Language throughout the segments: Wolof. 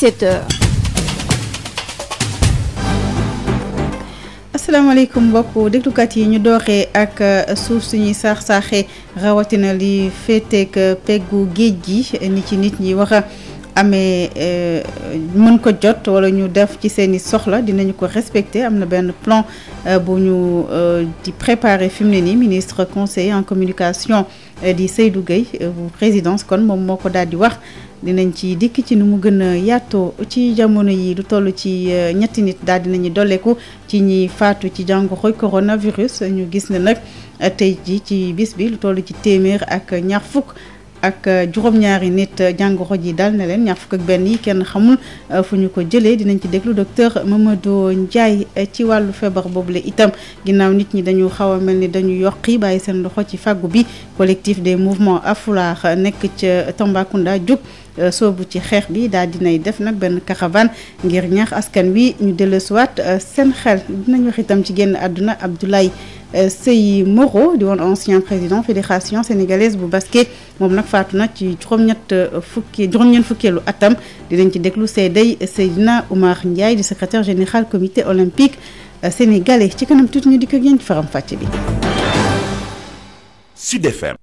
17h. asalaamaaleykum mbokk déglukat yi ñu dooree ak euh, suuf suñuy saax-saaxee rawatina li féeteeg euh, peggu géej gi ni ci nit ñi war a amee euh, mën ko jot wala ñu def ci seeni soxla dinañu ko respecter am na benn plan bu ñu di préparer fi mu ne nii ministre conseiller en communication di Seydou Gueye bu présidence kon moom moo ko daal di wax dinañ ci dikk ci nu mu gën a yaatoo ci jamono yi lu toll ci euh, ñetti nit daal dinañu dolleeku ci ñi faatu ci jàngoroy coronavirus ñu gis ne nag euh, tey ji ci bis bi lu toll ci téeméer ak ñaar fukk ak euh, juróom-ñaari nit jàngoro ji dal na leen ñaar fukk ak benn yi kenn xamul fu ñu ko jëlee dinañ ci déglu docteur Mamadou Ndiaye ci wàllu feebar boobu boobule itam ginnaaw nit ñi dañu xaw a mel ni dañu yokki bàyyi seen ndox ci fàggu bi collectif de mouvement afulaar nekk ca Tambacounda jóg Euh, soobu ci xeex bi daal dinay def nag benn caravane ngir ñaax askan wi ñu delloosiwaat euh, seen xel dinañ wax itam ci génn àdduna Abdoulaye euh, Sey Moro di woon ancien président fédération sénégalaise bu basket moom nag faatu na ci juróom-ñett fukki ñeent fukkeelu atam dinañ ci déglu seeday Seydina Oumar Ndiaye di secrétaire général comité olympique sénégalais ci kanam tuuti ñu di ko génn faram fàcce bi Sud FM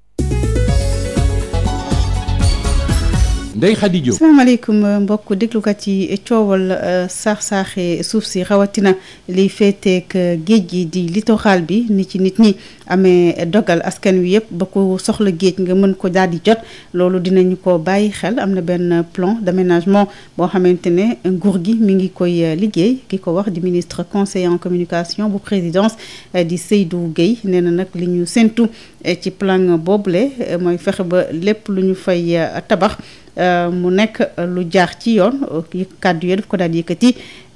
Ndeye Khady Diop salaamaaleykum euh, mbokk déglukat yi coowal euh, saax-saaxe suuf si rawatina li féeteek euh, géej gi di littoral bi ni ci nit ñi amee dogal askan wi yëpp ba ko soxla géej nga mën ko daal di jot loolu dinañu ko bàyyi xel am na benn plan d'aménagement boo xamante ne nguur gi mu ngi koy liggéey ki ko wax di ministre conseiller en communication bu présidence di Seydou Guèye nee na nag li ñu séntu ci plan boobule mooy fexe ba lépp lu ñu fay tabax Euh, mu nekk lu jaar ci yoon euh, kàddu yi daf ko daan yëkkati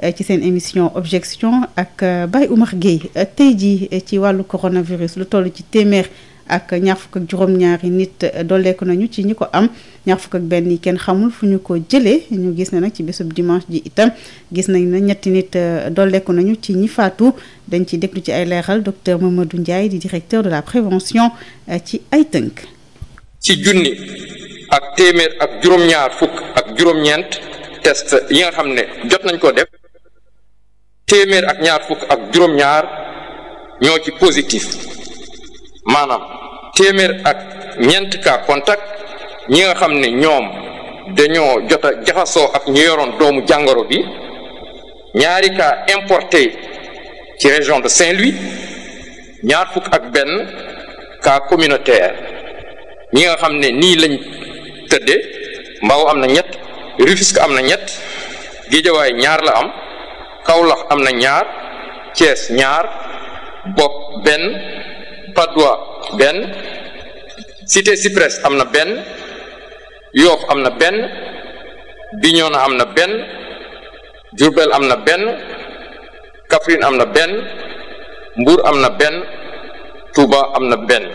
euh, ci seen émission objection ak Baye Oumar Gueye tey jii ci wàllu coronavirus lu toll ci téeméer ak ñaar fukk ak juróom-ñaari nit dolleeku nañu ci ñi ko am ñaar fukk ak benn yi kenn xamul fu ñu ko jëlee ñu gis ne nag ci bésub dimanche ji itam gis nañ ne ñetti nit dolleeku nañu ci ñi faatu dañ ci déglu ci ay leexal docteur Mamadou Ndiaye di directeur de la prévention ci ay tënk. ci junni. ak téeméer ak juróom-ñaar fukk ak juróom-ñeent test yi nga xam ne jot nañ ko def téeméer ak ñaar fukk ak juróom-ñaar ñoo ci positif maanaam téeméer ak ñeent cas contact ñi nga xam ne ñoom dañoo jot a ak ñu yoroon doomu jàngoro bi ñaari cas importé ci région de Saint-Louis ñaar fukk ak benn cas communautaire ñi nga xam ne nii lañ tëddee Mbao am na ñett Rufisque am na ñett Géejawaay ñaar la am Kaolack am na ñaar Thiès ñaar Bopp benn Patte d'Oie benn Cité Cyprès am na benn Yoff am na benn Bignona am na benn Diourbel am na benn Kaffrine am na benn Mbour am na benn Touba am na benn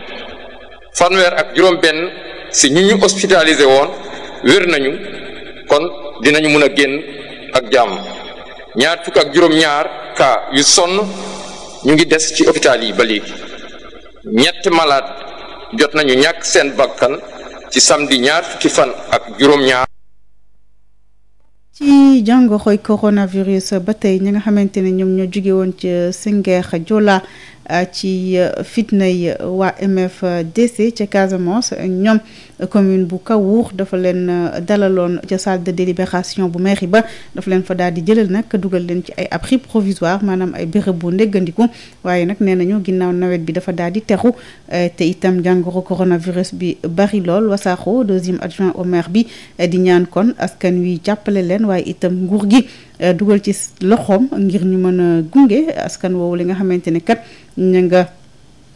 fanweer ak juróom benn si ñu ñu woon wér nañu kon dinañu mun a génn ak jàmm ñaar fukk ak juróom-ñaar cas yu sonn ñu ngi des ci hôpital yi ba léegi ñetti malade jot nañu ñàkk seen bakkan ci samedi ñaar fukki fan ak juróom-ñaar. ci jàngoroy coronavirus ba tey ñi nga xamante ne ñoom ñoo jóge woon ci Singeex Jola ci fitna fitnay waa MFDC ca Casamance ñoom. commune bu Kawuur dafa leen euh, dalaloon ca salle de délibération bu mairie ba dafa leen fa daal di jëlal nag dugal leen ci ay abri provisoire maanaam ay béréb bu ndéggandiku waaye nag nee nañu ginnaaw nawet bi dafa daal di teru euh, te itam jàngoro coronavirus bi bari lool wasaaxo deuxième adjoint au maire bi euh, di ñaan kon askan wi jàppale leen waaye itam nguur gi dugal ci loxoom ngir ñu mën a gunge askan woowu li nga xamante ne kat ña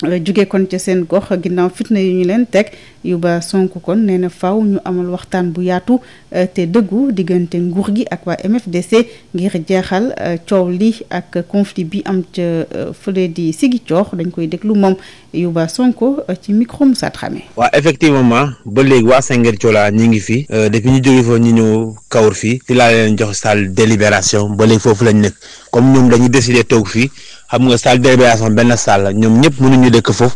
jugee kon ca seen gox ginnaaw fitna yi ñu leen teg Yuba sonk kon nee na faaw ñu amal waxtaan bu yaatu euh, te dëggu diggante nguur gi ak waa MFDC ngir jeexal euh, coow li ak conflit bi am ca euh, fële di sigi dañ koy déglu moom Yuba Sonko ci micro Moussa Dramé. waaw effectivement ba léegi waa Sengel Thiola ñi ngi fi depuis ñu jógee foofu ñu ñëw Kawar fii ci laa leen jox salle délibération ba léegi foofu lañ nekk comme ñoom dañuy décider toog fii. xam nga salle délibération benn salle la ñoom ñëpp mënuñu dëkk foofu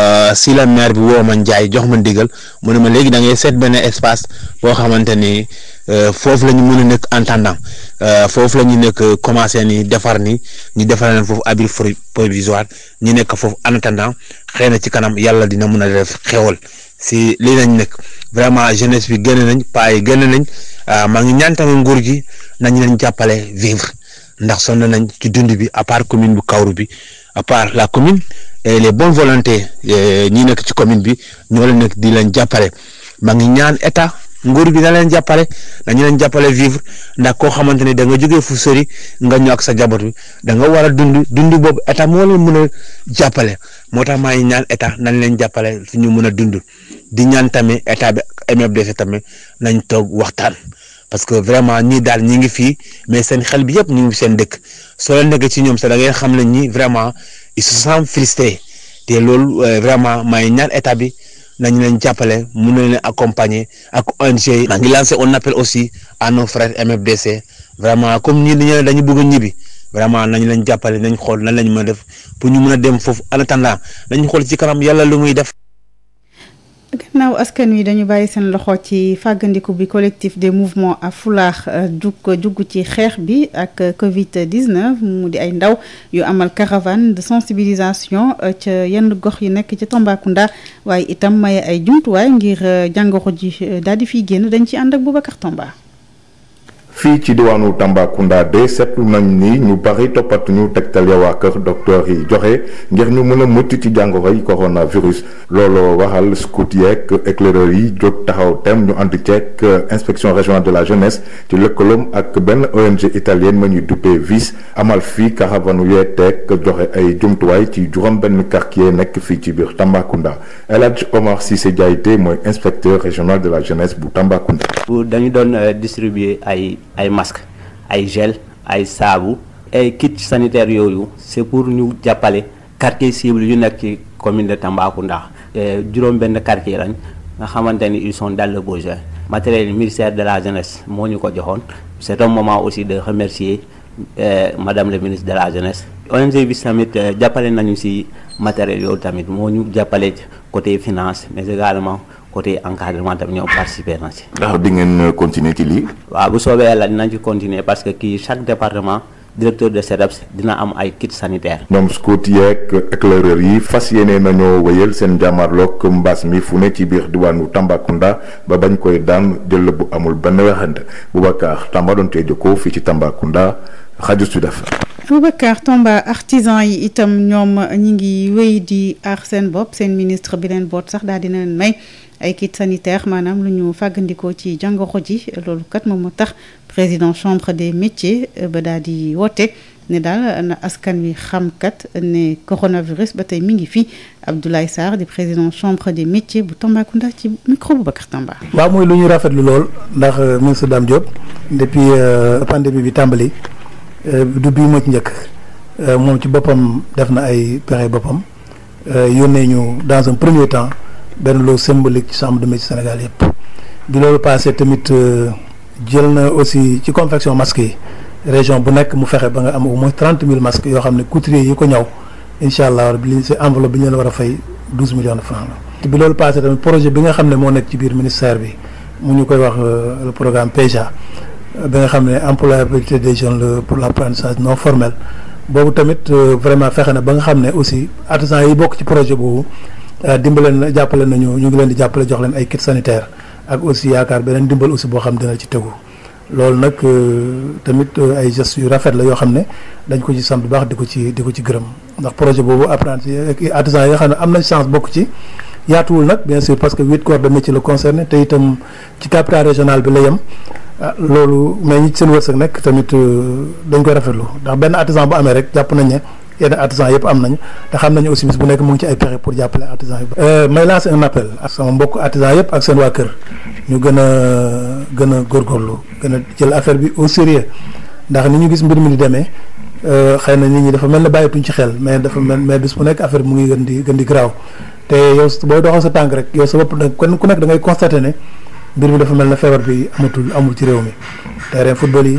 euh, si la maire bi woo ma Ndiaye jox ma ndigal mu ne ma léegi dangay seet benn espace boo xamante ni euh, foofu la ñu mën a nekk en attendant euh, foofu la ñu nekk commencé ni defar ni ñu defar leen foofu abri provisoire ñu nekk foofu en attendant xëy na ci kanam yàlla dina mun a def xewal si lii lañ nekk vraiment jeunesse bi génn nañ paa yi nañ maa ngi ñaan nguur gi nañ leen jàppale vivre. ndax sonn nañ ci dund bi à part commune bu Kaolack bi à la commune et les bonnes volontés euh, ñi nekk ci commune bi ñoo leen nekk di leen jàppale maa ngi ñaan état nguur bi na leen jàppale dañu leen jàppale vivre ndax koo xamante ne da nga jógee fu sori nga ñëw ak sa jaboot bi da nga war a dund dund boobu état moo la mën a jàppale moo tax maa ngi ñaan état nañ leen jàppale fu ñu mën a dundu di ñaan tamit état bi MFDC tamit nañ toog waxtaan. parce que vraiment ñii daal ñi ngi fii mais seen xel bi yëpp ñu ngi seen dëkk soo leen nekk ci ñoom sax da xam ne ñi vraiment ils se sont frustrés te loolu euh, vraiment may ñaan état bi nañ lañ jàppale mu na leen accompagner ak ONG yi. maa ngi lancé un appel aussi à nos frères MFDC vraiment comme ñii dañu dañu bëgg a ñibbi vraiment nañu lañ jàppale nañ xool nan lañ mën a def pour ñu mun a dem foofu en attendant nañu xool ci kanam yàlla lu muy def. gannaaw askan wi dañu bàyyi seen loxo ci fàggandiku bi collectif de mouvements a foulard jug euh, jug ci xeex bi ak Covid 19 mu di ay ndaw yu amal caravane de sensibilisation euh, ca yenn gox yi nekk ci Tambacounda waaye itam maye ay jumtuwaay ngir euh, jàngoro ji daal di fiy génn dañ ci ànd ak Boubacar Tamba. fii ci diwaanu Tambacounda de seetlu nañ ni ñu bari toppatuñu tegtal ya waa kër docteur yi joxe ngir ñu mën a mucc ci jàngoroy coronavirus looloo waral scout yeeg éclaireurs yi jóg taxaw tem ñu ànd ceeg euh, inspection régionale de la jeunesse ci lëkkaloom ak benn ONG italienne ma ñuy duppee VIS amal fii caravane yee teeg joxe ay jumtuwaay ci juróom-benn quartier nekk fii ci biir Tambacounda El Hadj Omar Cissé Diaité mooy inspecteur régional de la jeunesse bu Tambacounda. ay masque ay gel ay saabu ay kit sanitaire yooyu c'est pour ñu jàppale quartier cible yu nekk ci commune de Tambacounda eh, juróom benn quartier lañ nga xamante ni ils sont dans le besoin matériel ministère de la jeunesse moo ñu ko joxoon c'est un moment aussi de remercier eh, madame le ministre de la jeunesse ONG bis tamit eh, jàppale nañu ci matériel yooyu tamit moo ñu jàppale côté finance mais également côté encadrement tamit ñoo participer na ci. ndax di ngeen continuer ci lii. waaw bu soobee yàlla dinañ ci continuer parce que kii chaque département. directeur de SEDEPS dina am ay kit sanitaire ñoom scout yeeg éclaireur yi fas yéene nañoo wéyal seen jàmmarloog mbaas mi fu ne ci biir diwaanu Tambacounda ba bañ koy daan jël bu amul benn wexante bu Tamba doon tey jokkoo fii ci Tambacounda rajo Sud FM Boubacar Tamba artisan yi itam ñoom ñu ngi wéy di aar seen bopp seen ministre bi leen boot sax daal dina leen may ay kit sanitaire maanaam lu ñu fàggandikoo ci jàngoro ji loolu kat moom moo tax président chambre des métiers euh, ba daal di woote ne daal na askan wi xamkat ne coronavirus ba tey mi ngi fi Abdoulaye Sarr di président chambre des métiers bu Tambacounda ci micro Boubacar Tamba. waaw mooy lu ñu rafetlu lool ndax euh, ministre Dame Diop depuis euh, pandémie bi tàmbali. Euh, du bii moo ci njëkk euh, moom ci boppam def na ay pexe boppam euh, yónnee ñu dans un premier temps benn lot symbolique ci de métier Sénégal yëpp bi loolu passé tamit jël na aussi ci confection masques yi région bu nekk mu fexe ba nga am au moins trente mille masques yoo xam ne couturier yi ko ñaw incha allah li ñu si enveloppe bi ñu leen war a fay douze millions de francs la. bi loolu passé tamit projet bi nga xam ne moo nekk ci biir ministère bi mu ñu koy wax le programme PEJA. bi nga xam ne employabilité des jeunes la pour l'apprentissage non formel boobu tamit euh, vraiment fexe na ba nga xam ne aussi artisans yi bokk ci projet boobu euh, dimbale na jàppale nañu ñu ngi leen di jàppale jox leen ay kit sanitaire ak aussi yaakaar beneen dimbal aussi boo xam dina ci tegu loolu nag euh, tamit ay gestes yu rafet la yoo xam ne dañ ko ci sant bu baax di ko ci di ko ci gërëm ndax projet boobu apprenti artisans yi nga xam ne am na chance bokk ci yaatuwul nag bien sûr parce que huit corps de métier la concerné te itam ci capital régional bi yem ah loolu mais ñi ci seen wërsëg nekk tamit euh, dañ koy rafetlu ndax benn artisan bu amee rek jàpp nañ ne yenn artisan yëpp am nañ te xam nañu aussi bis bu nekk mu ngi ci ay pexe pour jàppale artisan yi. Euh, may lancer un appel ak sama mbokk artisan seen waa kër ñu gën a gën a góorgóorlu gën a jël affaire bi au sérieux ndax ni ñu gis mbir mi di demee euh, xëy na nit dafa mel ne bàyyituñ ci xel mais dafa mel mais nekk affaire mu ngi di gën di garaaw te yow booy doxal sa tànk rek yow sa bopp kenn ku nekk da ngay constater ne. mbir mi dafa mel ne feebar bi amatul amul ci réew mi terrain football yi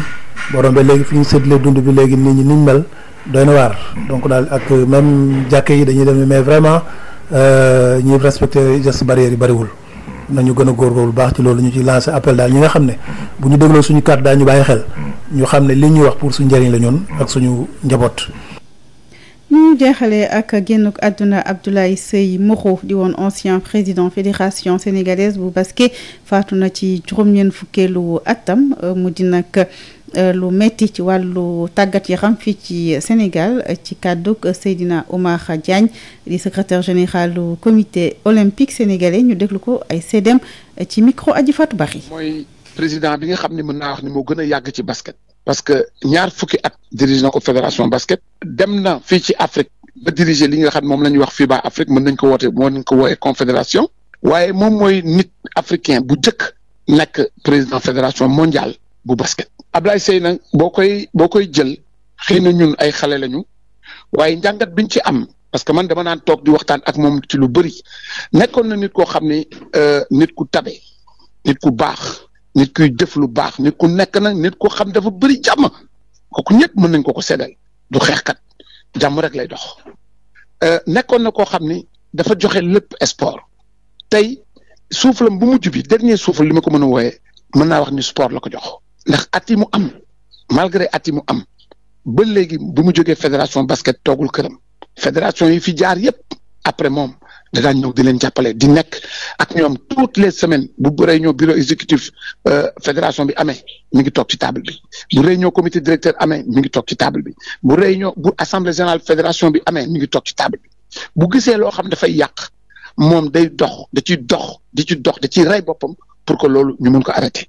borom ba léegi fi ñu séddale dund bi léegi nit ñi niñ mel doy na waar donc daal ak même jàkke yi dañuy dem mais vraiment euh, ñuy respecté gestes barrières yi bariwul na ñu gën a bu baax ci loolu ñu ci lancé appel daal ñi nga xam ne bu ñu dégloo suñu carte daal ñu bàyyi xel ñu xam ne li ñuy wax pour su njëriñ la ñoon ak suñu njaboot ñu jeexalee ak génn génnuk àdduna Abdoulaye Seye Mokho di woon ancien président fédération sénégalaise bu basket faatu na ci juróom-ñeent fukkeelu atam euh, mu di nag euh, lu metti ci wàllu tàggat yaram fii ci Sénégal ci kàdduk Seydina Omar Diagne di secrétaire général du comité olympique sénégalais ñu déglu ko ay séddem ci micro Adji Fatou Bari. mooy président bi nga xam ne mën naa wax ni moo gën a yàgg ci basket. parce que ñaar fukki at dirige na ko fédération basket dem na fii ci Afrique ba diriger li nga xam moom la ñuy wax FIBA Afrique mën nañ ko woote mën nañ ko woowee confédération waaye moom mooy nit africain bu njëkk nekk président fédération mondiale bu basket. abla Seye nag boo koy boo koy jël xëy na ñun ay xale lañu waaye njàngat biñ ci am parce que man dama naan toog di waxtaan ak moom ci lu bëri nekkoon na nit koo xam ne euh, nit ku tabe nit ku baax. nit kuy jëf lu baax nit ku nekk nag nit ku xam dafa bëri jàmm kooku ñëpp mën nañ ko ko seddal du xeex kat jàmm rek lay dox euh, nekkoon na koo xam ni dafa joxe lépp sport tey suuflam bu mujj bi dernier suufal li ma ko mën a wooyee mën naa wax ni sport la ko jox ndax at yi mu am malgré at mu am ba léegi bu mu jógee fédération basket toogul këram fédération yi fi jaar yépp après moom danaa ñëw di leen jàppale di nekk ak ñoom toutes les semaines bu réunion bureau exécutif euh, fédération bi amee mi ngi toog ci table bi bu réunion comité directeur amee mi ngi toog ci table bi bu réunion bu assemblée générale fédération bi amee mi ngi toog ci table bi bu gisee loo xam dafay yàq moom day dox da ciy dox di ci dox da ciy rey boppam pour que loolu ñu mën ko arrêté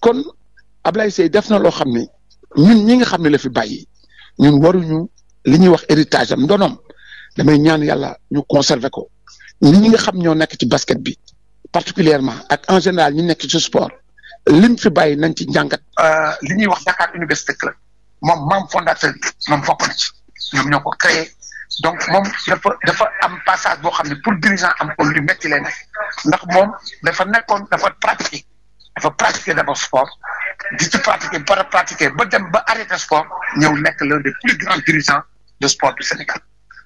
kon Ablaye Seye def na loo xam ni ñun ñi nga xam ne la fi bàyyi ñun waruñu li ñuy wax héritage am ndonoom damay ñaan yàlla ñu conserver ko ñi nga xam ñoo nekk ci basket bi particulièrement ak en général ñi nekk ci sport lim fi bàyyi nañ ci njàngat. Euh, li ñuy wax Dakar Université Club moom membre fondateur bi moom bokk ñoom ñoo ko créé donc moom dafa dafa am passage boo xam ne pour dirigeant am ko lu métti lay nekk ndax moom dafa nekkoon dafa pratiquer dafa pratiquer d'abord sport di ci pratiquer ba pratiquer ba dem ba arrêter sport ñëw nekk l'un des plus grands dirigeants de sport du Sénégal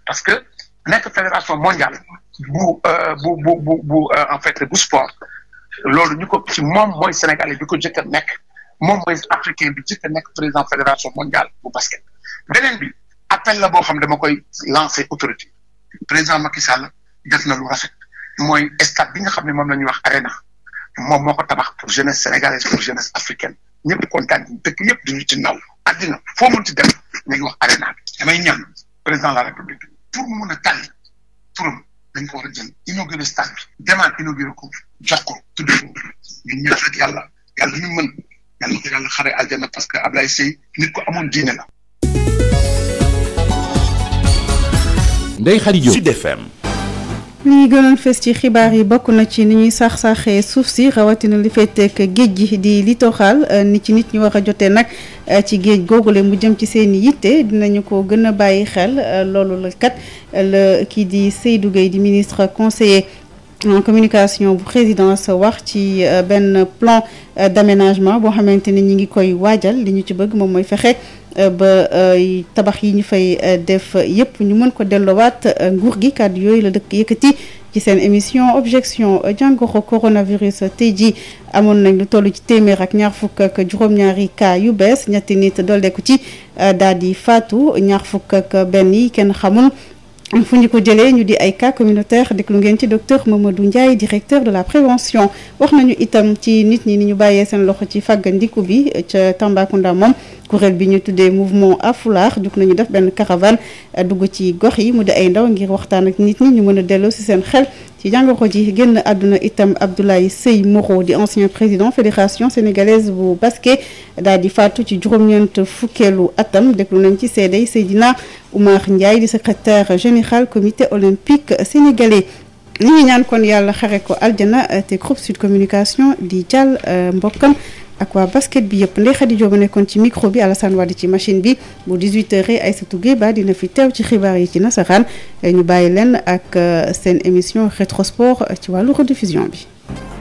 parce que nekk fédération mondiale. Euh, bu bu bu bu bu euh, en fait bu sport loolu ñu ko ci moom mooy sénégalais bi ko jëkk a nekk moom mooy africain bi jëkk a nekk président fédération mondiale bu basket beneen bi appel la boo xam dama koy lancer autorité président Macky Sall def na lu rafet mooy stade bi nga xam ne moom la ñuy wax arena moom moo ko tabax pour jeunesse sénégalaise pour jeunesse africaine ñëpp kontaan dëkk yëpp duñu ci naw àddina foo mën ci dem ñu ngi wax arena bi damay ñaan président la république dañ ko war a jël inauguré stade bi demaat inauguré ko jox ko tudd ko ñun ñaax ak yàlla yàlla mi mën yàlla parce que Ablaye Seye nit ko amoon diine la. Ndeye Khady Diop Sud li gënoon fës ci xibaar yi bokk na ci ni ñuy sax-saxee suuf si rawatina li feeteek géej gi di littoral euh, ni ci nit ñu war a jotee nag euh, ci géej googule mu jëm ci seen yitte dinañu ko gën a bàyyi xel euh, loolu la kat la kii di Seydou Gueye di ministre conseiller en communication bu présidence wax ci benn plan d'aménagement boo xamante ni ñu ngi koy waajal li ñu ci bëgg moom mooy fexe Euh, ba euh, tabax yi ñu fay euh, def yépp ñu mën ko delloowaat nguur gi kàddu yooyu la dëkk yëkkati ci seen émission objection jàngoro coronavirus tey jii amoon nañ lu toll ci téeméer ak ñaar fukk ak juróom-ñaari cas yu bees ñetti nit dolleeku ci daal di faatu ñaar fukk ak benn yi kenn xamul fu ñu ko jëlee ñu di ay cas communautaire déglu ngeen ci docteur Mamadou Ndiaye directeur de la prévention wax nañu itam ci nit ñi ni ñu bàyyee seen loxo ci fàggandiku bi ca Tambacounda moom kuréel bi ñu tuddee mouvement Afulaar na nañu def benn caravane dugg ci gox yi mu di ay ndaw ngir waxtaan ak nit ñi ñu mën a delloo si seen xel ci jàngoro ji génn àdduna itam Abdoulaye Seye Moro di ancien président fédération sénégalaise bu basket daal di faatu ci juróom-ñeent fukkeelu atam déglu nañ ci seedey Seydina Oumar Ndiaye di secrétaire général comité olympique sénégalais li ñu ñaan kon yàlla xare ko aljana te groupe Sud Communication di jàll euh, mbokkam ak waa basket bi yëpp Ndeye Khady Diop nekkoon ci micro bi Alassane Wade ci machine bi bu 18h Aïssatou Gueye ba dina fi teew ci xibaar yi ci nasaraan ñu bàyyi leen ak euh, seen émission rétrosport ci wàllu rediffusion bi.